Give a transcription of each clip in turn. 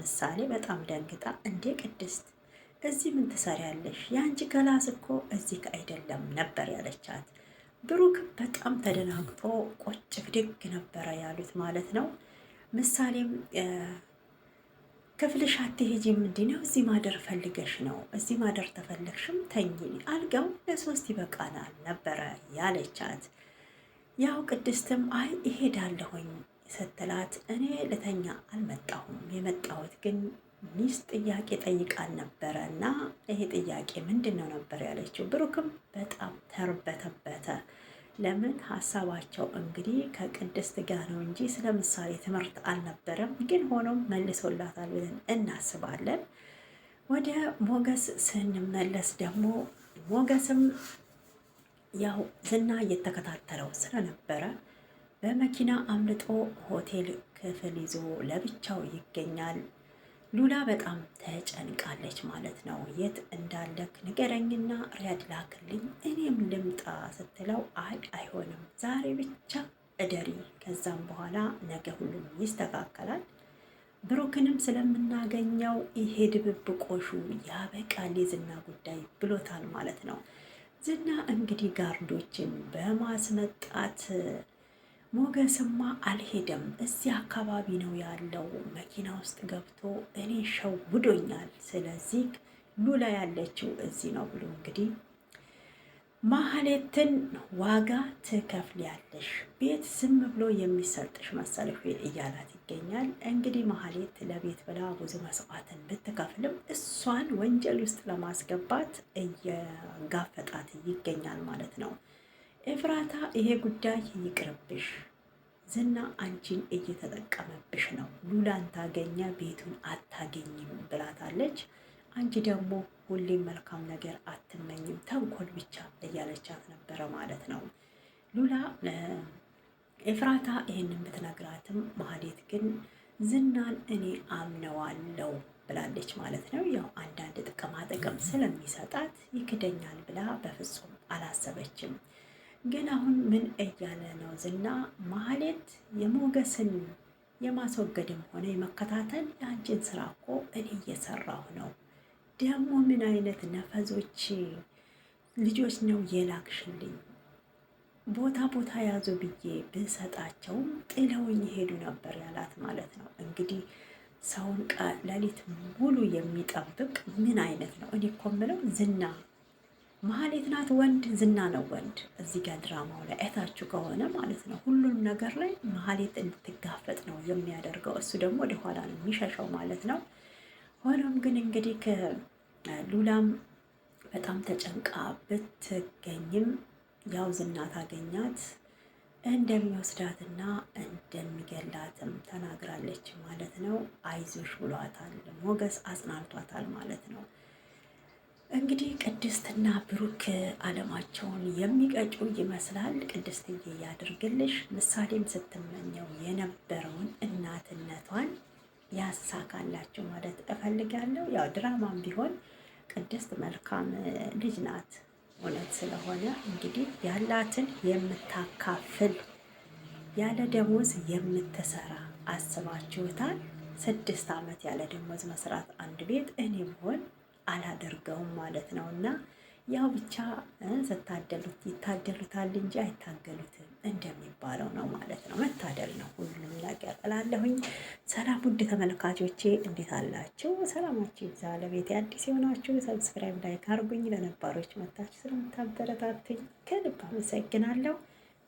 ምሳሌ በጣም ደንግጣ እንዴ ቅድስት እዚህ ምን ትሰሪያለሽ? የአንቺ ገላስ እኮ እዚህ አይደለም ነበር ያለቻት። ብሩክ በጣም ተደናግጦ ቆጭ ብድግ ነበረ ያሉት ማለት ነው። ምሳሌም ክፍልሽ አትሄጂም እንዲህ ነው፣ እዚህ ማደር ፈልገሽ ነው፣ እዚህ ማደር ተፈለግሽም ተኝ፣ አልጋው ለሶስት ይበቃናል ነበረ ያለቻት። ያው ቅድስትም አይ እሄዳለሁኝ ስትላት እኔ ልተኛ አልመጣሁም የመጣሁት ግን ሚስት ጥያቄ ጠይቃል ነበረ እና ይሄ ጥያቄ ምንድን ነው ነበር ያለችው። ብሩክም በጣም ተርበተበተ። ለምን ሀሳባቸው እንግዲህ ከቅድስት ጋር ነው እንጂ ስለ ምሳሌ ትምህርት አልነበረም። ግን ሆኖም መልሶላታል ብለን እናስባለን። ወደ ሞገስ ስንመለስ ደግሞ ሞገስም ያው ዝና እየተከታተለው ስለነበረ በመኪና አምልጦ ሆቴል ክፍል ይዞ ለብቻው ይገኛል። ሉላ በጣም ተጨንቃለች ማለት ነው። የት እንዳለክ ንገረኝና ሪያድ ላክልኝ እኔም ልምጣ ስትለው አይ አይሆንም፣ ዛሬ ብቻ እደሪ፣ ከዛም በኋላ ነገ ሁሉም ይስተካከላል። ብሩክንም ስለምናገኘው ይሄ ድብብቆሹ ያበቃል፣ የዝና ጉዳይ ብሎታል ማለት ነው። ዝና እንግዲህ ጋርዶችን በማስመጣት ሞገስማ አልሄደም፣ እዚህ አካባቢ ነው ያለው። መኪና ውስጥ ገብቶ እኔ ሸውዶኛል፣ ስለዚህ ሉላ ያለችው እዚህ ነው ብሎ እንግዲህ ማህሌትን ዋጋ ትከፍያለሽ፣ ቤት ዝም ብሎ የሚሰጥሽ መሰለሽ እያላት ይገኛል። እንግዲህ ማህሌት ለቤት ብላ ብዙ መስዋዕትን ብትከፍልም እሷን ወንጀል ውስጥ ለማስገባት እየጋፈጣት ይገኛል ማለት ነው። ኤፍራታ ይሄ ጉዳይ ይቅርብሽ፣ ዝና አንቺን እየተጠቀመብሽ ነው፣ ሉላን ታገኛ ቤቱን አታገኝም ብላታለች። አንቺ ደግሞ ሁሌም መልካም ነገር አትመኝም፣ ተንኮል ብቻ እያለቻት ነበረ ማለት ነው ሉላ ኤፍራታ ይህንን ብትነግራትም ማህሌት ግን ዝናን እኔ አምነዋለው ብላለች ማለት ነው። ያው አንዳንድ ጥቅማ ጥቅም ስለሚሰጣት ይክደኛል ብላ በፍጹም አላሰበችም። ግን አሁን ምን እያለ ነው ዝና? ማህሌት የሞገስን የማስወገድም ሆነ የመከታተል የአንቺን ስራ እኮ እኔ እየሰራሁ ነው። ደግሞ ምን አይነት ነፈዞች ልጆች ነው የላክሽልኝ? ቦታ ቦታ ያዙ ብዬ ብንሰጣቸውም ጥለውኝ ሄዱ ነበር ያላት ማለት ነው። እንግዲህ ሰውን ቃል ሌሊት ሙሉ የሚጠብቅ ምን አይነት ነው? እኔ እኮ የምለው ዝና ማህሌት ናት ወንድ፣ ዝና ነው ወንድ። እዚህ ጋር ድራማው ላይ አይታችሁ ከሆነ ማለት ነው ሁሉንም ነገር ላይ ማህሌት እንድትጋፈጥ ነው የሚያደርገው። እሱ ደግሞ ወደኋላ ነው የሚሸሸው ማለት ነው። ሆኖም ግን እንግዲህ ከሉላም በጣም ተጨንቃ ብትገኝም ያው ዝና ታገኛት እንደሚወስዳትና እንደሚገላትም ተናግራለች ማለት ነው። አይዞሽ ብሏታል፣ ሞገስ አጽናንቷታል ማለት ነው። እንግዲህ ቅድስትና ብሩክ አለማቸውን የሚቀጩ ይመስላል። ቅድስትዬ ያድርግልሽ። ምሳሌም ስትመኘው የነበረውን እናትነቷን ያሳካላችሁ ማለት እፈልጋለሁ። ያው ድራማም ቢሆን ቅድስት መልካም ልጅ ናት። እውነት ስለሆነ እንግዲህ ያላትን የምታካፍል ያለ ደሞዝ የምትሰራ አስባችሁታል። ስድስት ዓመት ያለ ደሞዝ መስራት አንድ ቤት እኔ ብሆን አላደርገውም ማለት ነው እና ያው ብቻ ስታደሉት ይታደሉታል እንጂ አይታገሉትም እንደሚባለው ነው ማለት ነው። መታደል ነው ሁሉም ነገር እላለሁኝ። ሰላም ውድ ተመልካቾቼ እንዴት አላችሁ? ሰላማችሁ ይብዛ። ለቤቴ አዲስ የሆናችሁ ሰብስክራይብ፣ ላይክ አድርጉኝ። ለነባሮች መታችሁ ስለምታበረታትኝ ከልብ አመሰግናለሁ።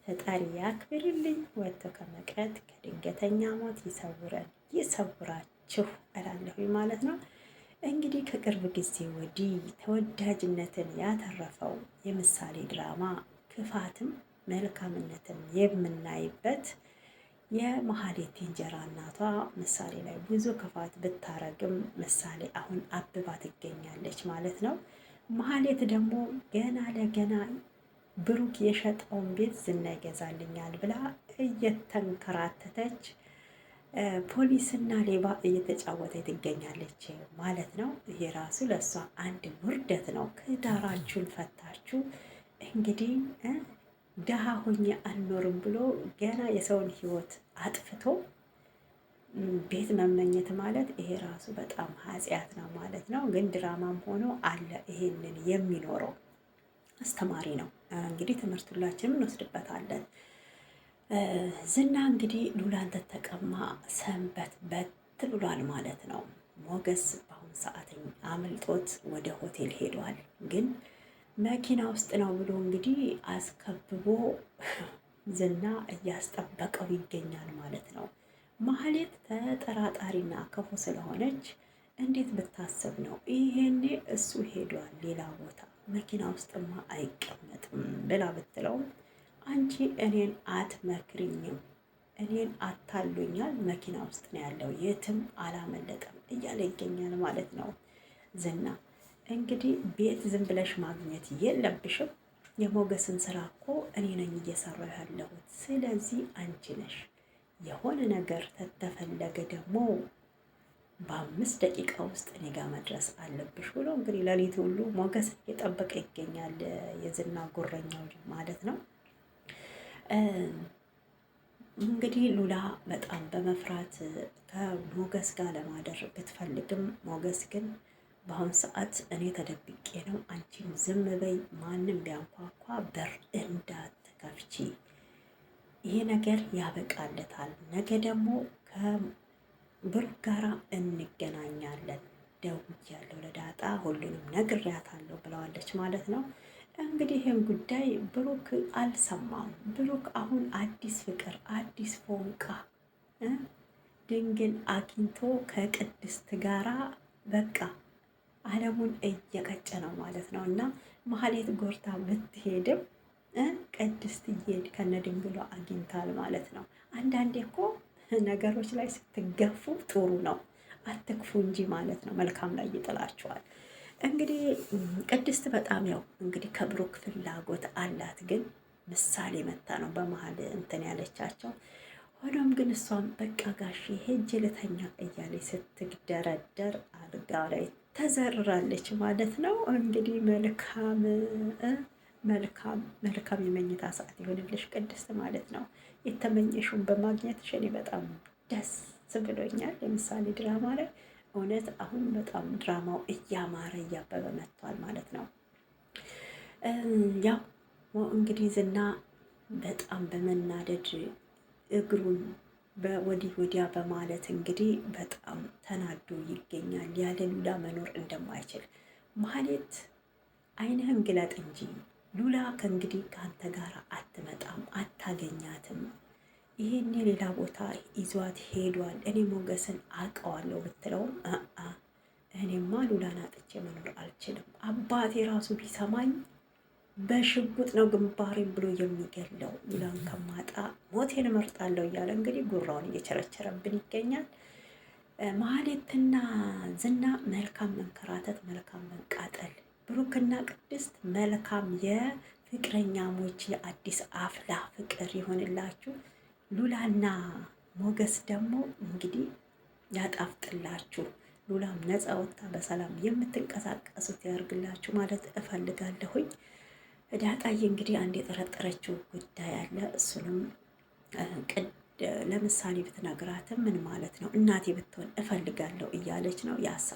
ፈጣሪ ያክብርልኝ። ወጥቶ ከመቅረት ከድንገተኛ ሞት ይሰውረን፣ ይሰውራችሁ እላለሁኝ ማለት ነው። እንግዲህ ከቅርብ ጊዜ ወዲህ ተወዳጅነትን ያተረፈው የምሳሌ ድራማ ክፋትም መልካምነትን የምናይበት የመሀሌት እንጀራ እናቷ ምሳሌ ላይ ብዙ ክፋት ብታረግም ምሳሌ አሁን አብባ ትገኛለች ማለት ነው። መሀሌት ደግሞ ገና ለገና ብሩክ የሸጠውን ቤት ዝና ይገዛልኛል ብላ እየተንከራተተች ፖሊስና ሌባ እየተጫወተ ትገኛለች ማለት ነው። ይሄ ራሱ ለእሷ አንድ ውርደት ነው። ከዳራችሁን ፈታችሁ እንግዲህ ደሃ ሆኜ አልኖርም ብሎ ገና የሰውን ህይወት አጥፍቶ ቤት መመኘት ማለት ይሄ ራሱ በጣም ኃጢአት ነው ማለት ነው። ግን ድራማም ሆኖ አለ ይሄንን የሚኖረው አስተማሪ ነው። እንግዲህ ትምህርት ሁላችንም እንወስድበታለን። ዝና እንግዲህ ሉላን ተጠቀማ ሰንበት በት ብሏል ማለት ነው። ሞገስ በአሁኑ ሰዓት አምልጦት ወደ ሆቴል ሄዷል። ግን መኪና ውስጥ ነው ብሎ እንግዲህ አስከብቦ ዝና እያስጠበቀው ይገኛል ማለት ነው። ማህሌት ተጠራጣሪና ክፉ ስለሆነች እንዴት ብታስብ ነው ይሄኔ እሱ ሄዷል ሌላ ቦታ መኪና ውስጥማ አይቀመጥም ብላ ብትለው አንቺ እኔን አትመክሪኝም፣ እኔን አታሉኛል፣ መኪና ውስጥ ነው ያለው፣ የትም አላመለጠም እያለ ይገኛል ማለት ነው ዝና። እንግዲህ ቤት ዝም ብለሽ ማግኘት የለብሽም። የሞገስን ስራ እኮ እኔ ነኝ እየሰራሁ ያለሁት። ስለዚህ አንቺ ነሽ የሆነ ነገር ተተፈለገ ደግሞ በአምስት ደቂቃ ውስጥ እኔ ጋር መድረስ አለብሽ ብሎ እንግዲህ ለሊት ሁሉ ሞገስ እየጠበቀ ይገኛል የዝና ጉረኛው ማለት ነው። እንግዲህ ሉላ በጣም በመፍራት ከሞገስ ጋር ለማደር ብትፈልግም ሞገስ ግን በአሁኑ ሰዓት እኔ ተደብቄ ነው፣ አንቺም ዝም በይ፣ ማንም ቢያንኳኳ በር እንዳትከፍቺ፣ ይሄ ነገር ያበቃለታል፣ ነገ ደግሞ ከብር ጋር እንገናኛለን፣ ደውያለሁ ለዳጣ ሁሉንም ነግሬያታለሁ ብለዋለች ማለት ነው። እንግዲህ ይህን ጉዳይ ብሩክ አልሰማም። ብሩክ አሁን አዲስ ፍቅር፣ አዲስ ፎንቃ ድንግል አግኝቶ ከቅድስት ጋራ በቃ አለሙን እየቀጨ ነው ማለት ነው። እና መሀሌት ጎርታ ብትሄድም ቅድስት እየሄድ ከነ ድንግሎ አግኝታል ማለት ነው። አንዳንዴ እኮ ነገሮች ላይ ስትገፉ ጥሩ ነው፣ አትክፉ እንጂ ማለት ነው። መልካም ላይ ይጥላችኋል። እንግዲህ ቅድስት በጣም ያው እንግዲህ ከብሩክ ፍላጎት አላት፣ ግን ምሳሌ መታ ነው በመሀል እንትን ያለቻቸው። ሆኖም ግን እሷም በቃ ጋሽ ሄጅ ልተኛ እያለች ስትግደረደር አልጋ ላይ ተዘርራለች ማለት ነው። እንግዲህ መልካም መልካም መልካም የመኝታ ሰዓት ይሆንልሽ ቅድስት ማለት ነው። የተመኘሽውን በማግኘትሽ እኔ በጣም ደስ ብሎኛል። ለምሳሌ ድራማ ላይ እውነት አሁን በጣም ድራማው እያማረ እያበበ መጥቷል ማለት ነው። ያው እንግዲህ ዝና በጣም በመናደድ እግሩን በወዲህ ወዲያ በማለት እንግዲህ በጣም ተናዶ ይገኛል። ያለ ሉላ መኖር እንደማይችል ማለት ዓይንህን ግለጥ እንጂ ሉላ ከእንግዲህ ከአንተ ጋር አትመጣም፣ አታገኛትም ይሄን ሌላ ቦታ ይዟት ሄዷል። እኔ ሞገስን አውቀዋለሁ ብትለውም እኔማ ሉላን አጥቼ መኖር አልችልም፣ አባቴ ራሱ ቢሰማኝ በሽጉጥ ነው ግንባሬን ብሎ የሚገለው ሉላን ከማጣ ሞቴን እመርጣለሁ እያለ እንግዲህ ጉራውን እየቸረቸረብን ይገኛል። መሀሌትና ዝና መልካም መንከራተት፣ መልካም መቃጠል ብሩክና ቅድስት መልካም የፍቅረኛሞች የአዲስ አፍላ ፍቅር ይሆንላችሁ። ሉላና ሞገስ ደግሞ እንግዲህ ያጣፍጥላችሁ። ሉላም ነፃ ወጥታ በሰላም የምትንቀሳቀሱት ያርግላችሁ ማለት እፈልጋለሁኝ። ዳጣዬ እንግዲህ አንድ የጠረጠረችው ጉዳይ አለ። እሱንም ቅድ ለምሳሌ ብትነግራትም ምን ማለት ነው እናቴ ብትሆን እፈልጋለሁ እያለች ነው ያሳ